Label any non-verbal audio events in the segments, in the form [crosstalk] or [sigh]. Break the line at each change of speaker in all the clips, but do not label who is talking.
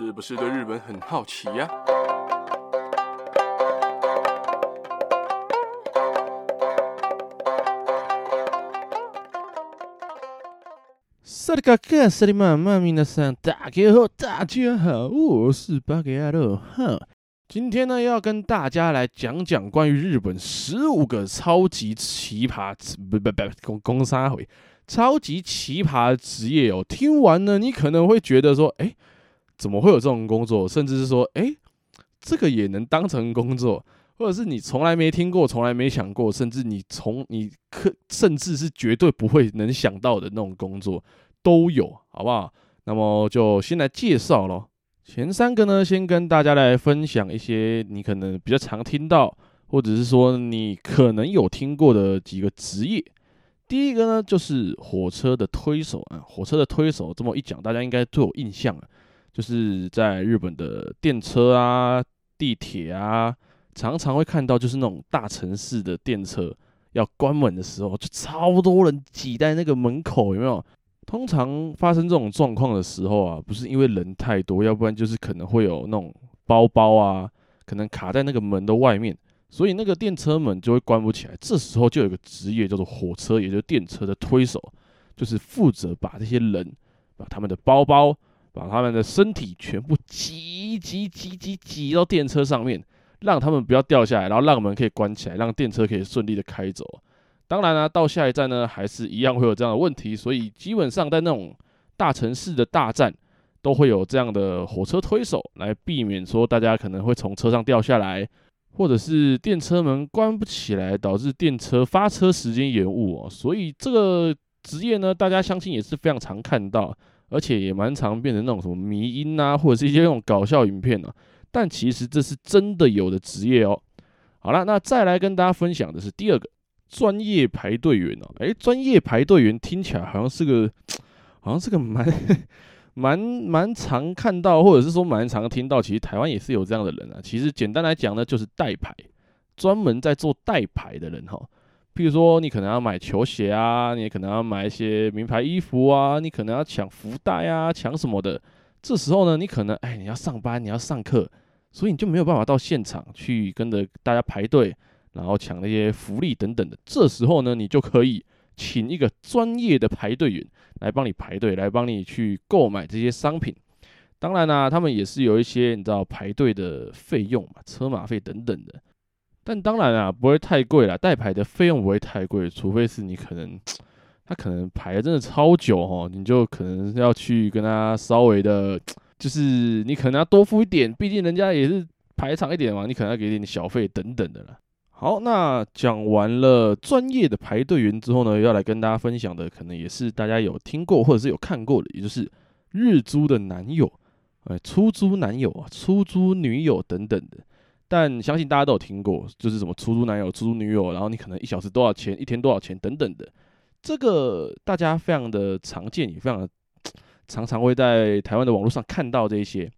是不是對日本很好奇呀？大家好，我是八格牙路，哈。今天呢，要跟大家來講講關於日本十五個超級奇葩，不不不，工沙回，超級奇葩的職業哦。聽完呢，你可能會覺得說，哎。怎麼會有這種工作？甚至是說，哎、欸，這個也能當成工作，或者是你從來沒聽過、從來沒想過，甚至你從你可甚至是絕對不會能想到的那種工作都有，好不好？那麼就先來介紹嘍。前三個呢，先跟大家來分享一些你可能比較常聽到，或者是說你可能有聽過的幾個職業。第一個呢，就是火車的推手啊，火車的推手，這麼一講，大家應該都有印象了。就是在日本的電車啊、地鐵啊，常常會看到就是那種大城市的電車要關門的時候，就超多人擠在那個門口，有沒有？通常發生這種狀況的時候啊，不是因為人太多，要不然就是可能會有那種包包啊，可能卡在那個門的外面，所以那個電車門就會關不起來。這時候就有一個職業叫做火車，也就是電車的推手，就是負責把這些人、把他們的包包。把他們的身體全部擠擠擠擠擠到電車上面，讓他們不要掉下來，然後讓門可以關起來，讓電車可以順利的開走。當然呢、啊，到下一站呢，還是一樣會有這樣的問題，所以基本上在那種大城市的大站，都會有這樣的火車推手來避免說大家可能會從車上掉下來，或者是電車門關不起來，導致電車發車時間延誤哦。所以這個職業呢，大家相信也是非常常看到。而且也蠻常變成那種什麼迷因啊，或者是一些那種搞笑影片呢、啊。但其實這是真的有的職業哦。好了，那再來跟大家分享的是第二個專業排隊員哦、啊。哎、欸，專業排隊員聽起來好像是個，好像是個蠻蠻蠻常看到，或者是說蠻常聽到。其實台灣也是有這樣的人啊。其實簡單來講呢，就是代排，專門在做代排的人哈。比如說，你可能要買球鞋啊，你可能要買一些名牌衣服啊，你可能要搶福袋啊，搶什麼的。這時候呢，你可能哎，你要上班，你要上課，所以你就沒有辦法到現場去跟着大家排隊，然後搶那些福利等等的。這時候呢，你就可以請一個專業的排隊員來幫你排隊，來幫你去購買這些商品。當然啦、啊，他們也是有一些你知道排隊的費用嘛，車馬費等等的。但當然啊，不會太貴啦。代排的費用不會太貴，除非是你可能，他可能排的真的超久哦，喔，你就可能要去跟他稍微的，就是你可能要多付一點，畢竟人家也是排長一點嘛，你可能要給點小費等等的啦。好，那講完了專業的排隊員之後呢，要來跟大家分享的，可能也是大家有聽過或者是有看過的，也就是日租的男友，出租男友啊，出租女友等等的。但相信大家都有聽過，就是什麼出租男友、出租女友，然後你可能一小時多少錢、一天多少錢等等的，這個大家非常的常見，也非常的常常會在台灣的網絡上看到這一些。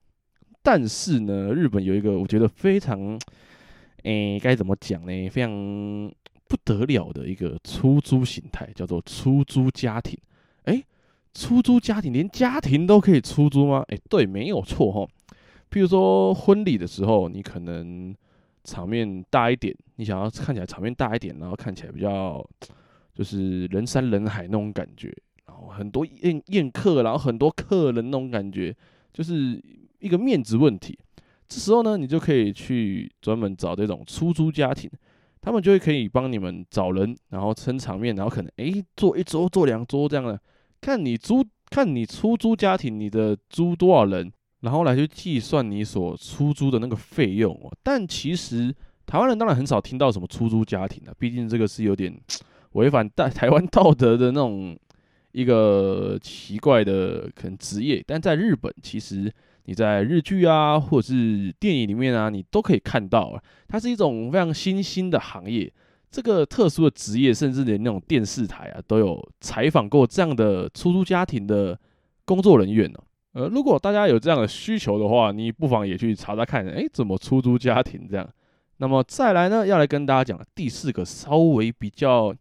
但是呢，日本有一個我覺得非常，哎、欸，該怎麼講呢？非常不得了的一個出租形態，叫做出租家庭。哎、欸，出租家庭連家庭都可以出租嗎？哎、欸，對，沒有錯哈。譬如說婚禮的時候，你可能場面大一點，你想要看起來場面大一點，然後看起來比較就是人山人海那種感覺，然後很多宴宴客，然後很多客人那種感覺，就是一個面子問題。這時候呢，你就可以去專門找這種出租家庭，他們就會可以幫你們找人，然後撐場面，然後可能哎、欸、坐一桌坐兩桌這樣的，看你租看你出租家庭你的租多少人。然後來去計算你所出租的那個費用。哦，但其實台灣人當然很少聽到什麼出租家庭的，啊，畢竟這個是有點違反台台灣道德的那種一個奇怪的可能職業。但在日本，其實你在日劇啊，或者是電影裡面啊，你都可以看到，啊，它是一種非常新興的行業。這個特殊的職業，甚至連那種電視台啊，都有採訪過這樣的出租家庭的工作人員呢，啊。呃，如果大家有這樣的需求的話，你不妨也去查查看，哎、欸，怎麼出租家庭這樣？那麼再來呢，要來跟大家講第四個，稍微比較，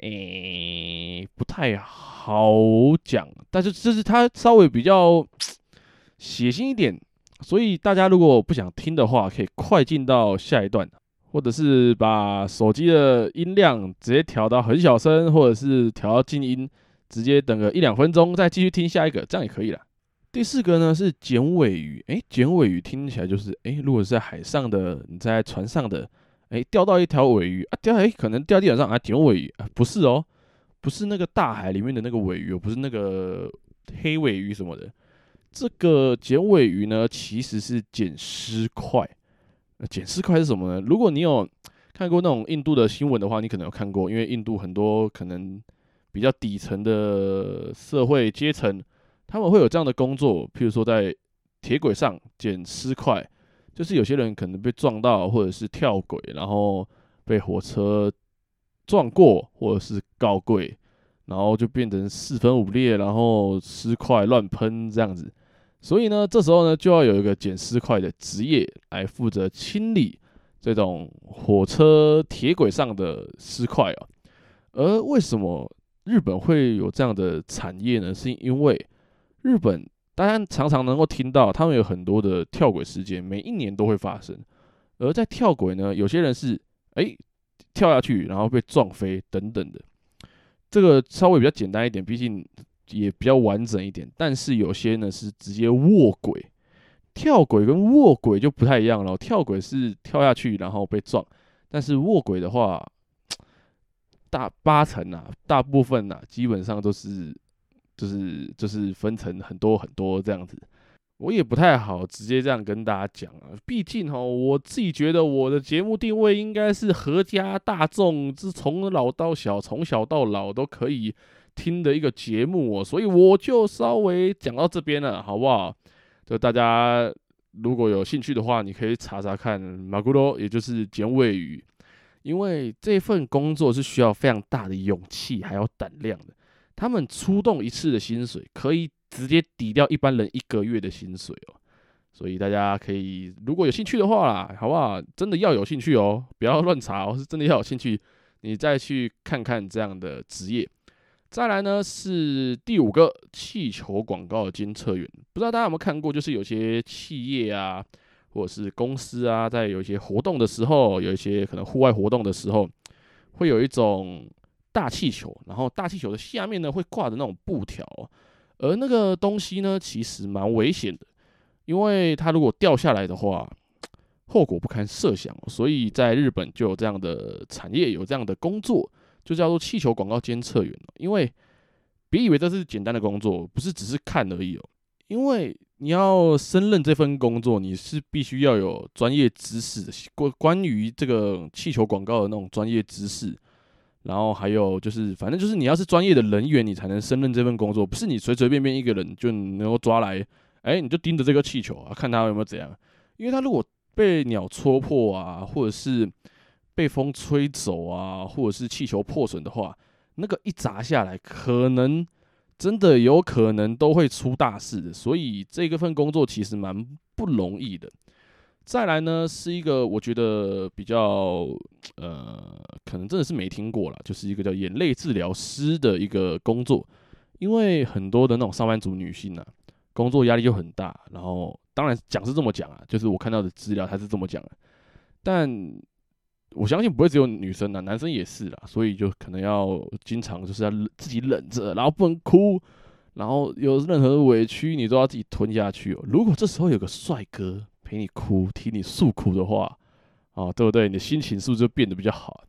哎、欸，不太好講，但是就是它稍微比較血腥一點，所以大家如果不想聽的話，可以快進到下一段，或者是把手機的音量直接調到很小聲，或者是調到靜音，直接等個一兩分鐘再繼續聽下一個，這樣也可以了。第四個呢是撿鮪魚，誒、欸，撿鮪魚聽起來就是，誒、欸，如果是在海上的，你在船上的，誒、欸，釣到一條鮪魚啊，釣，誒，可能釣地上，上啊，撿鮪魚啊，不是哦，不是那個大海裡面的那個鮪魚，不是那個黑鮪魚什麼的，這個撿鮪魚呢，其實是撿屍塊，撿屍塊是什麼呢？如果你有看過那種印度的新聞的話，你可能有看過，因為印度很多可能比較底層的社會階層，他們會有這樣的工作，譬如說在鐵軌上撿屍塊，就是有些人可能被撞到，或者是跳軌，然後被火車撞過，或者是告軌，然後就變成四分五裂，然後屍塊亂噴這樣子。所以呢，這時候呢就要有一個撿屍塊的職業來負責清理這種火車鐵軌上的屍塊啊。而為什麼日本會有這樣的產業呢？是因為日本，大家常常能夠聽到，他們有很多的跳軌事件，每一年都會發生。而在跳軌呢，有些人是哎、欸、跳下去，然後被撞飛等等的，這個稍微比較簡單一點，畢竟也比較完整一點。但是有些呢是直接臥軌，跳軌跟臥軌就不太一樣了。跳軌是跳下去然後被撞，但是臥軌的話，大八成啊，大部分啊，基本上都是。就是就是分成很多很多這樣子，我也不太好直接這樣跟大家講啊，畢竟哈，我自己覺得我的節目定位應該是合家大眾是從老到小，從小到老都可以聽的一個節目哦、喔，所以我就稍微講到這邊了，好不好？就大家如果有興趣的話，你可以查查看馬古羅，也就是尖尾魚，因為這份工作是需要非常大的勇氣還有膽量的。他們出動一次的薪水可以直接抵掉一般人一個月的薪水哦，所以大家可以如果有興趣的話啦，好不好？真的要有興趣哦，不要亂查哦，是真的要有興趣，你再去看看這樣的職業。再來呢是第五個氣球廣告監測員，不知道大家有沒有看過，就是有些企業啊或者是公司啊，在有一些活動的時候，有一些可能戶外活動的時候，會有一種。大氣球，然後大氣球的下面呢會掛着那種布條哦，而那個東西呢其實蠻危險的，因為它如果掉下來的話，後果不堪設想哦。所以在日本就有這樣的產業，有這樣的工作，就叫做氣球廣告監測員。因為別以為這是簡單的工作，不是只是看而已哦，因為你要升任這份工作，你是必須要有專業知識，關關於這個氣球廣告的那種專業知識。然後還有就是，反正就是你要是專業的人員，你才能勝任這份工作，不是你隨隨便便一個人就能夠抓來。哎，你就盯着這個氣球啊，看他有沒有怎樣。因為他如果被鳥戳破啊，或者是被風吹走啊，或者是氣球破損的話，那個一砸下來，可能真的有可能都會出大事的。所以這個份工作其實蠻不容易的。再來呢，是一個我覺得比較呃，可能真的是沒聽過啦，就是一個叫眼淚治療師的一個工作，因為很多的那種上班族女性啊，工作壓力就很大，然後當然講是這麼講啊，就是我看到的資料它是這麼講啊，但我相信不會只有女生啦，男生也是啦，所以就可能要經常就是要自己忍着，然後不能哭，然後有任何委屈你都要自己吞下去哦。如果這時候有個帥哥，聽你哭，替你訴苦的話，啊，對不對？你的心情是不是就變得比較好？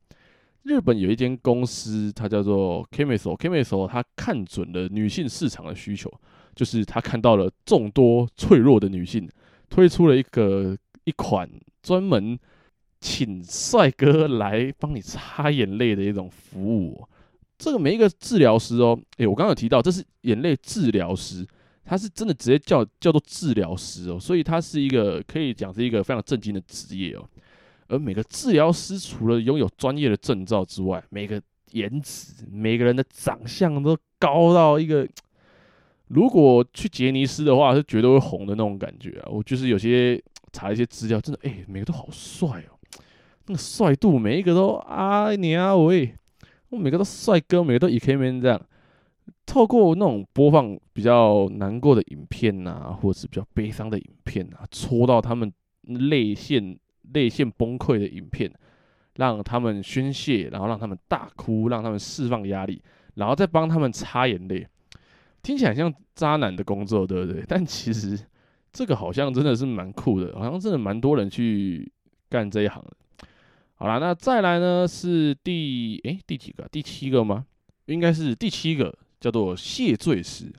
日本有一間公司，它叫做 Ikemeso，Ikemeso 它看準了女性市場的需求，就是它看到了眾多脆弱的女性，推出了一個一款專門請帥哥來幫你擦眼淚的一種服務。這個每一個治療師哦，哎，我剛剛有提到，這是眼淚治療師。他是真的直接叫叫做治療師哦，所以他是一個可以講是一個非常正經的職業哦。而每個治療師除了擁有專業的證照之外，每個顏值、每個人的長相都高到一個，如果去傑尼斯的話，是絕對會紅的那種感覺啊。我就是有些查一些資料，真的，哎、欸，每個都好帥哦，那個帥度，每一個都啊，你啊，喂。我每個都帥哥，每個都 Ikemen 這樣。透過那種播放比較難過的影片吶、啊，或者是比較悲傷的影片吶、啊，戳到他們淚腺、淚腺崩潰的影片，讓他們宣洩，然後讓他們大哭，讓他們釋放壓力，然後再幫他們擦眼淚。聽起來像渣男的工作，對不對？但其實這個好像真的是蠻酷的，好像真的蠻多人去幹這一行。好了，那再來呢是第哎、欸、第幾個？第七個嗎？應該是第七個。叫做謝罪師，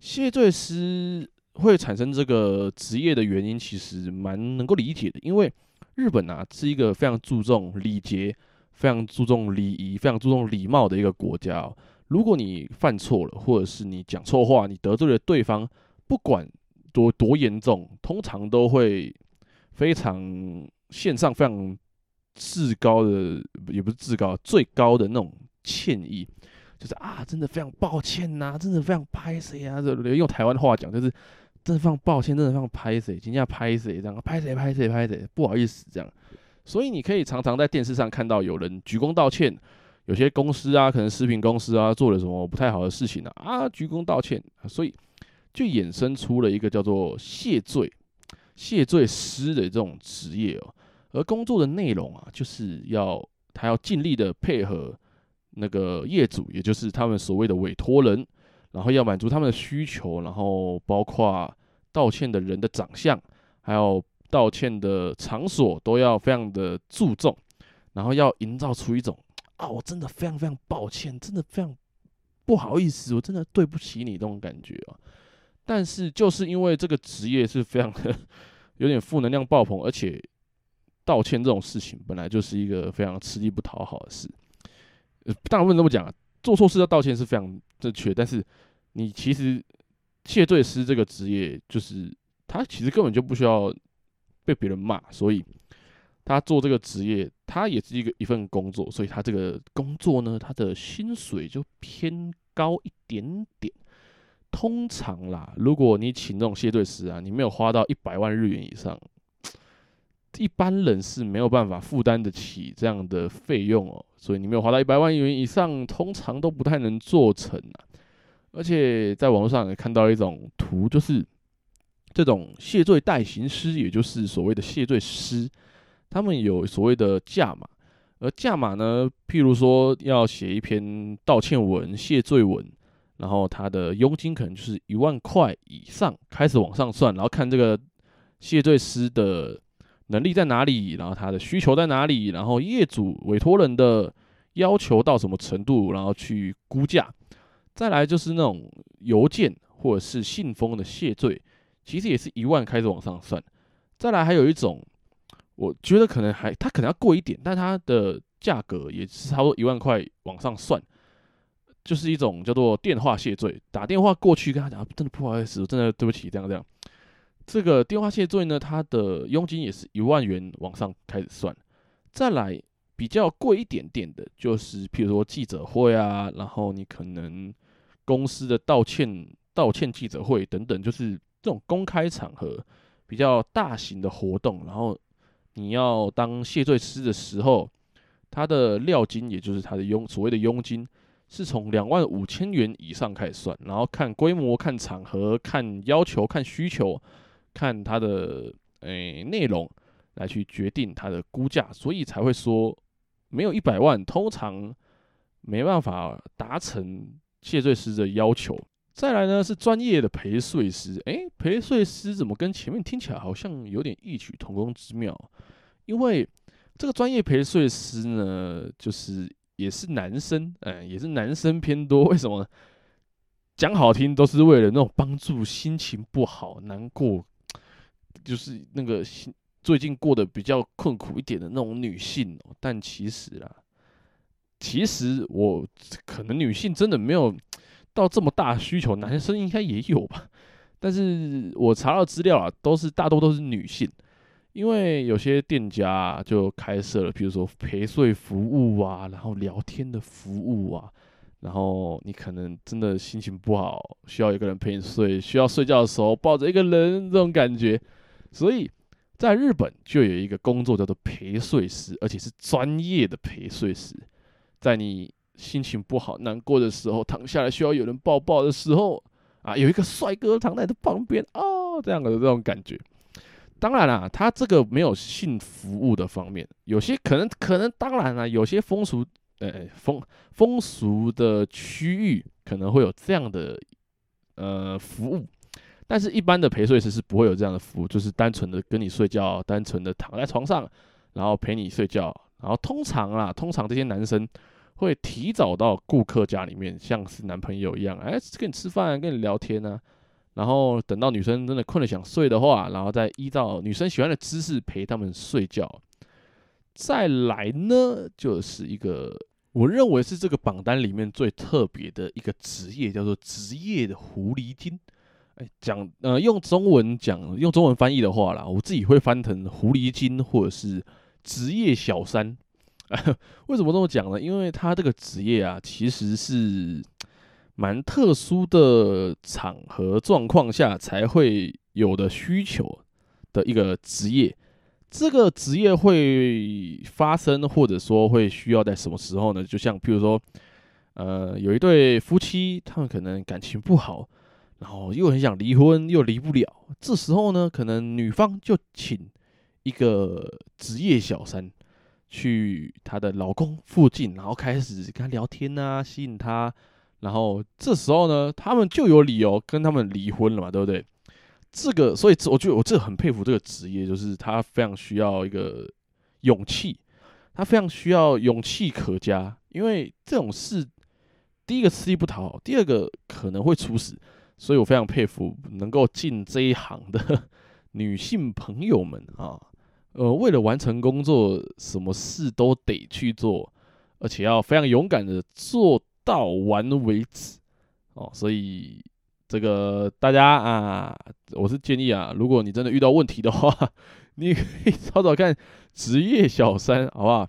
謝罪師會產生這個職業的原因，其實蠻能夠理解的。因為日本啊是一個非常注重禮節、非常注重禮儀、非常注重禮貌的一個國家哦。如果你犯錯了，或者是你講錯話，你得罪了對方，不管多多嚴重，通常都會非常獻上非常至高的，也不是至高，最高的那種歉意。就是啊，真的非常抱歉吶、啊，真的非常拍誰啊，用台灣話講就是，真的放抱歉，真的放拍誰，今天要拍誰這樣，拍誰拍誰拍誰，不好意思這樣。所以你可以常常在電視上看到有人鞠躬道歉，有些公司啊，可能食品公司啊，做了什麼不太好的事情啊，啊鞠躬道歉。所以就衍生出了一個叫做謝罪、謝罪師的這種職業哦、喔。而工作的內容啊，就是要他要盡力的配合。那個業主，也就是他們所謂的委托人，然後要滿足他們的需求，然後包括道歉的人的長相，還有道歉的場所都要非常的注重，然後要營造出一種啊、哦，我真的非常非常抱歉，真的非常不好意思，我真的對不起你這種感覺啊。但是就是因為這個職業是非常的有點負能量爆棚，而且道歉這種事情本來就是一個非常吃力不討好的事。當然不能這麼講啊，做錯事要道歉是非常正確。但是你其實謝罪師這個職業，就是他其實根本就不需要被別人罵，所以他做這個職業，他也是一個一份工作，所以他這個工作呢，他的薪水就偏高一點點。通常啦，如果你請那種謝罪師啊，你沒有花到一百萬日元以上，一般人是沒有辦法負擔得起這樣的費用哦，所以你沒有花到一百萬元以上，通常都不太能做成啊。而且在網絡上也看到一種圖，就是這種謝罪代行師，也就是所謂的謝罪師，他們有所謂的價碼，而價碼呢，譬如說要寫一篇道歉文、謝罪文，然後他的佣金可能就是一萬塊以上開始往上算，然後看這個謝罪師的。能力在哪裡？然後他的需求在哪裡？然後業主委托人的要求到什麼程度？然後去估價。再來就是那種郵件或者是信封的謝罪，其實也是一萬開始往上算。再來還有一種，我覺得可能還，他可能要貴一點，但它的價格也是差不多一萬塊往上算。就是一種叫做電話謝罪，打電話過去跟他講，真的不好意思，真的對不起，這樣這樣。這個電話謝罪呢，它的佣金也是一萬元往上開始算。再來比較貴一點點的，就是譬如說記者會啊，然後你可能公司的道歉、道歉記者會等等，就是這種公開場合比較大型的活動，然後你要當謝罪師的時候，它的料金，也就是它的佣所謂的佣金，是從兩萬五千元以上開始算，然後看規模、看場合、看要求、看需求。看他的誒內、欸、容，來去決定他的估價，所以才會說，沒有一百萬通常沒辦法達成謝罪師的要求。再來呢是專業的陪睡師，誒、欸，陪睡師怎麼跟前面聽起來好像有點異曲同工之妙？因為這個專業陪睡師呢，就是也是男生，嗯、欸，也是男生偏多。為什麼講好聽都是為了那種幫助心情不好、難過。就是那個最近過得比較困苦一點的那種女性喔，但其實啊，其實我可能女性真的沒有到這麼大需求，男生應該也有吧。但是我查到資料啊，都是大多都是女性，因為有些店家就開設了，比如說陪睡服務啊，然後聊天的服務啊，然後你可能真的心情不好，需要一個人陪你睡，需要睡覺的時候抱着一個人這種感覺。所以在日本就有一個工作叫做陪睡師，而且是專業的陪睡師。在你心情不好、難過的時候，躺下來需要有人抱抱的時候，啊，有一個帥哥躺在他旁邊，哦，這樣的這種感覺。當然了、啊，他這個沒有性服務的方面，有些可能可能，當然了、啊，有些風俗，呃、欸，風風俗的區域可能會有這樣的，呃，服務。但是，一般的陪睡師是不會有這樣的服務，就是單純的跟你睡覺，單純的躺在床上，然後陪你睡覺。然後通常啊，通常這些男生會提早到顧客家裡面，像是男朋友一樣，哎、欸，跟你吃飯，跟你聊天呢、啊。然後等到女生真的困了想睡的話，然後再依照女生喜歡的姿勢陪他們睡覺。再來呢，就是一個我認為是這個榜單裡面最特別的一個職業，叫做職業的狐狸精。哎，講，呃，用中文講，用中文翻譯的話啦，我自己會翻成狐狸精或者是職業小三。啊，為什麼這麼講呢？因為他這個職業啊，其實是蠻特殊的場合狀況下才會有的需求的一個職業。這個職業會發生或者說會需要在什麼時候呢？就像譬如說，呃，有一對夫妻，他們可能感情不好。然後又很想離婚，又離不了。這時候呢，可能女方就請一個職業小三去她的老公附近，然後開始跟她聊天啊，吸引她。然後這時候呢，他們就有理由跟他們離婚了嘛，對不對？這個，所以我覺得我這很佩服這個職業，就是他非常需要一個勇氣，他非常需要勇氣可嘉，因為這種事，第一個吃力不討好，第二個可能會出事。所以我非常佩服能夠進這一行的女性朋友們啊，呃，為了完成工作，什麼事都得去做，而且要非常勇敢的做到完為止哦、啊。所以這個大家啊，我是建議啊，如果你真的遇到問題的話，你可以找找看職業小三，好不好？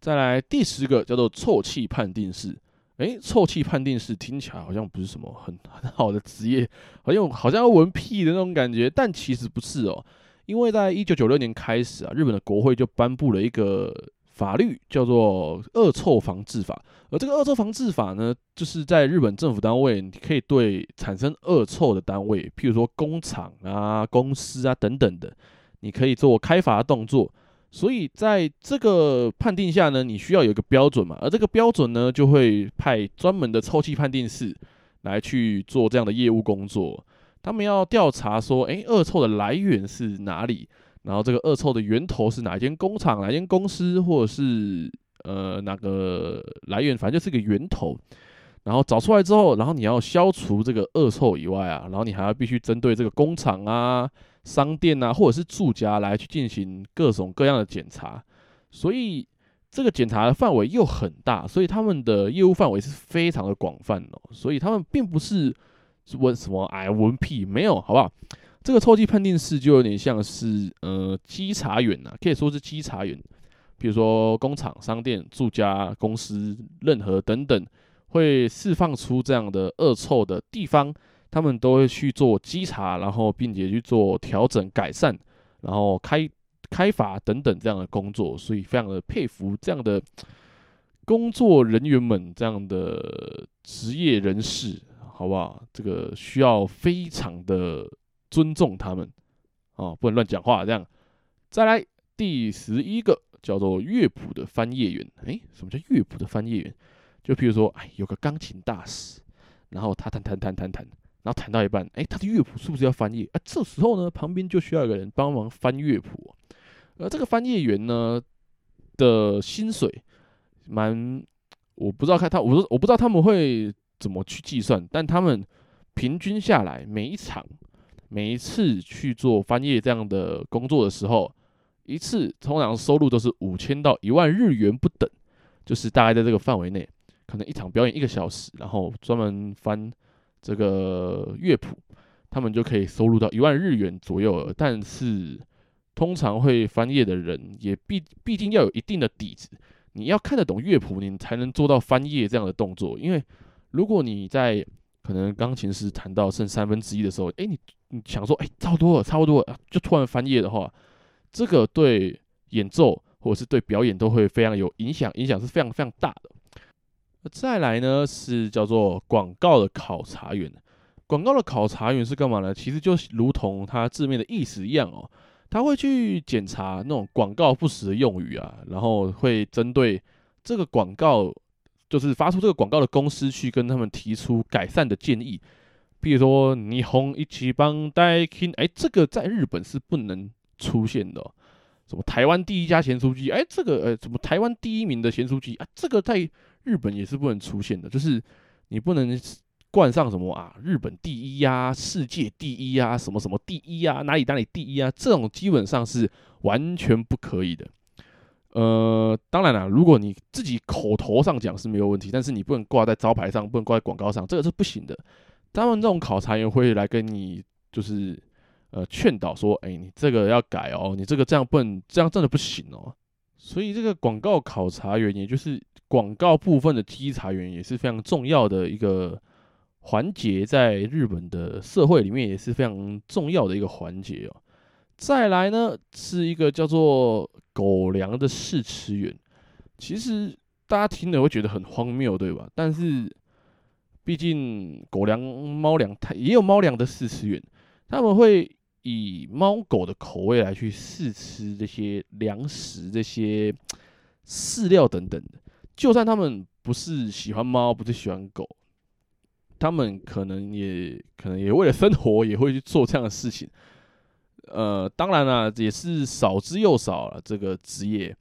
再來第十個叫做臭氣判定士。哎、欸，臭氣判定士聽起來好像不是什麼很很好的職業，好像好像要聞屁的那種感覺，但其實不是哦，因為在一九九六年開始啊，日本的國會就頒布了一個法律，叫做《惡臭防治法》，而這個《惡臭防治法》呢，就是在日本政府單位，你可以對產生惡臭的單位，譬如說工廠啊、公司啊等等的，你可以做開罰的動作。所以，在這個判定下呢，你需要有一個標準嘛？而這個標準呢，就會派專門的臭氣判定士來去做這樣的業務工作。他們要調查說，哎、欸，惡臭的來源是哪裡？然後這個惡臭的源頭是哪間工廠、哪間公司，或者是呃哪個來源？反正就是個源頭。然後找出來之後，然後你要消除這個惡臭以外啊，然後你還要必須針對這個工廠啊。商店吶、啊，或者是住家來去進行各種各樣的檢查，所以這個檢查的範圍又很大，所以他們的業務範圍是非常的廣泛的哦。所以他們並不是什麼什麼哎聞屁沒有，好不好？這個臭氣判定師就有點像是呃稽查員吶、啊，可以說是稽查員。比如說工廠、商店、住家、公司，任何等等會釋放出這樣的惡臭的地方。他們都會去做稽查，然後並且去做調整、改善，然後開開罰等等這樣的工作，所以非常的佩服這樣的工作人員們，這樣的職業人士，好不好？這個需要非常的尊重他們啊、哦，不能亂講話。這樣再來第十一個叫做樂譜的翻譯員。哎，什麼叫樂譜的翻譯員？就比如說，哎，有個鋼琴大師，然後他彈彈彈彈彈。然後彈到一半，哎，他的樂譜是不是要翻頁？啊，這時候呢，旁邊就需要一個人幫忙翻樂譜，而、呃、這個翻頁員呢的薪水，蠻，我不知道看他，我我不知道他們會怎麼去計算，但他們平均下來，每一場、每一次去做翻頁這樣的工作的時候，一次通常收入都是五千到一萬日元不等，就是大概在這個範圍內，可能一場表演一個小時，然後專門翻。這個樂譜，他們就可以收入到一萬日元左右了。但是，通常會翻頁的人也必必定要有一定的底子。你要看得懂樂譜，你才能做到翻頁這樣的動作。因為，如果你在可能鋼琴師彈到剩三分之一的時候，哎，你你想說，哎，差不多了，差不多了，就突然翻頁的話，這個對演奏或者是對表演都會非常有影響，影響是非常非常大的。那再來呢是叫做廣告的考察員，廣告的考察員是幹嘛呢？其實就如同它字面的意思一樣哦，他會去檢查那種廣告不實的用語啊，然後會針對這個廣告，就是發出這個廣告的公司去跟他們提出改善的建議，比如說霓虹一級棒帶 king，哎，這個在日本是不能出現的，哦，什麼台灣第一家鹹酥雞，哎，欸，這個，呃、欸，什麼台灣第一名的鹹酥雞啊，這個在。日本也是不能出現的，就是你不能冠上什麼啊，日本第一呀，世界第一呀，什麼什麼第一呀，哪裡哪裡第一啊，這種基本上是完全不可以的。呃，當然了，如果你自己口頭上講是沒有問題，但是你不能掛在招牌上，不能掛在廣告上，這個是不行的。他們這種考察員會來跟你，就是呃勸導說，哎，你這個要改哦，你這個這樣不能，這樣真的不行哦。所以這個廣告考察員，也就是廣告部分的稽查員，也是非常重要的一個環節，在日本的社會裡面也是非常重要的一個環節哦。再來呢，是一個叫做狗糧的試吃員，其實大家聽了會覺得很荒謬，對吧？但是，畢竟狗糧、貓糧，它也有貓糧的試吃員，他們會。以貓狗的口味來去試吃這些糧食、這些飼料等等的，就算他們不是喜歡貓，不是喜歡狗，他們可能也可能也為了生活，也會去做這樣的事情。呃，當然了、啊，也是少之又少了、啊、這個職業。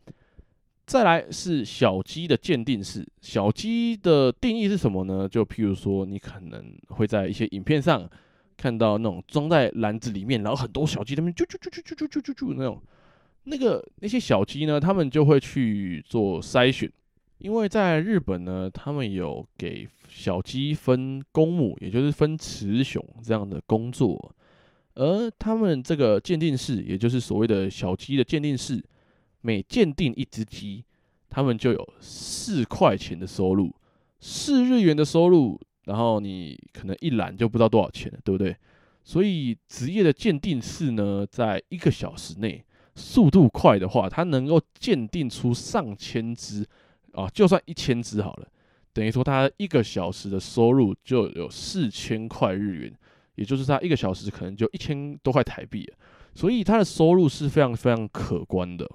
再來是小雞的鑑定師。小雞的定義是什麼呢？就譬如說，你可能會在一些影片上看到那種裝在籃子裡面，然後很多小雞，他們啾啾啾啾啾啾啾啾那種，那個那些小雞呢，他們就會去做篩選，因為在日本呢，他們有給小雞分公母，也就是分雌雄這樣的工作，而他們這個鑑定師，也就是所謂的小雞的鑑定師，每鑑定一隻雞，他們就有四塊錢的收入，四日元的收入。然後你可能一攬就不知道多少錢了，對不對？所以職業的鑑定師呢，在一個小時內，速度快的話，他能夠鑑定出上千隻，啊，就算一千隻好了。等於說，他一個小時的收入就有四千塊日元，也就是他一個小時可能就一千多塊台幣，啊。所以他的收入是非常非常可觀的。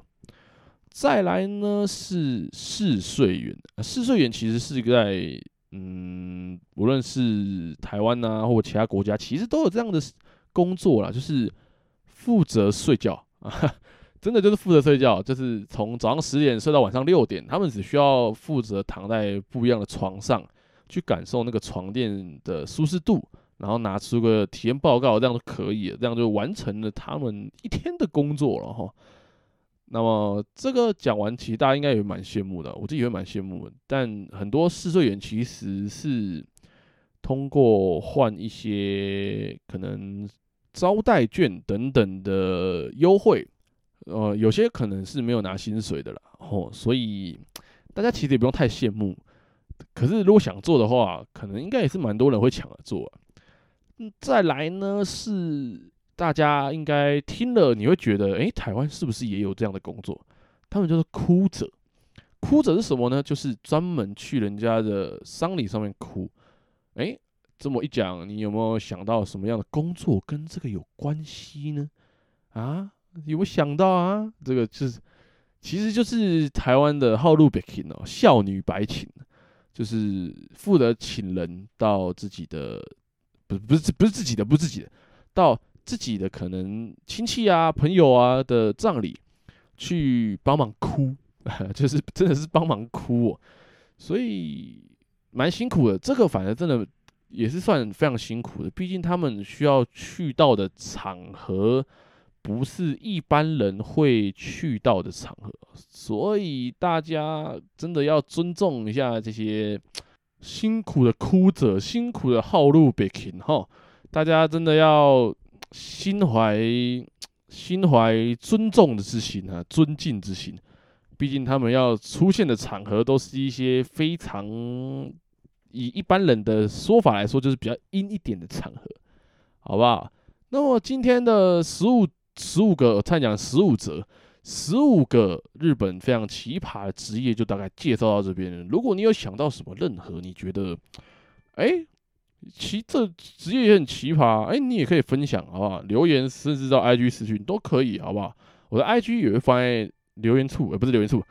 再來呢是試睡員，啊，試睡員其實是在。嗯，無論是台灣吶、啊，或者其他國家，其實都有這樣的工作啦。就是負責睡覺、啊，真的就是負責睡覺，就是從早上十點睡到晚上六點，他們只需要負責躺在不一樣的床上，去感受那個床墊的舒適度，然後拿出個體驗報告，這樣就可以了，這樣就完成了他們一天的工作了哈。那麼這個講完，其實大家應該也蠻羨慕的，我自己也蠻羨慕的。但很多試睡員其實是通過換一些可能招待券等等的優惠，呃，有些可能是沒有拿薪水的啦。哦，所以大家其實也不用太羨慕。可是如果想做的話，可能應該也是蠻多人會搶着做啊。嗯，再來呢是。大家應該聽了，你會覺得，哎、欸，台灣是不是也有這樣的工作？他們叫做哭者，哭者是什麼呢？就是專門去人家的喪禮上面哭。哎、欸，這麼一講，你有沒有想到什麼樣的工作跟這個有關係呢？啊，有沒有想到啊？這個就是，其實就是台灣的號路北京哦，孝女白琴，就是負責請人到自己的，不不是不是自己的，不是自己的，到。自己的可能親戚啊、朋友啊的葬禮，去幫忙哭， [laughs] 就是真的是幫忙哭，哦，所以蠻辛苦的。這個反正真的也是算非常辛苦的，畢竟他們需要去到的場合不是一般人會去到的場合，所以大家真的要尊重一下這些辛苦的哭者，辛苦的號路北 k i n 哈，大家真的要。心懷心懷尊重之心啊，尊敬之心，畢竟他們要出現的場合都是一些非常，以一般人的說法來說，就是比較陰一點的場合，好不好？那麼今天的十五十五個參獎十五折，十五個日本非常奇葩的職業就大概介紹到這邊。如果你有想到什麼，任何你覺得哎，欸其這職業也很奇葩哎、啊，你也可以分享好不好？留言甚至到 I G 諮詢都可以好不好？我的 I G 也會放在留言處，不是留言處，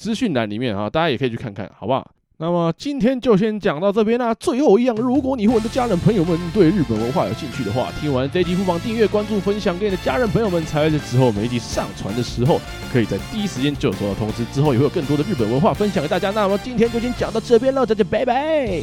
資訊欄裡面啊，大家也可以去看看好不好？那麼今天就先講到這邊啦、啊。最後一樣，如果你和你的家人朋友們對日本文化有興趣的話，聽完這集不妨訂閱關、關注、分享給你的家人朋友們，才會在之後每一集上傳的時候，可以在第一時間就收到通知。之後也會有更多的日本文化分享給大家。那麼今天就先講到這邊了，再見，拜拜。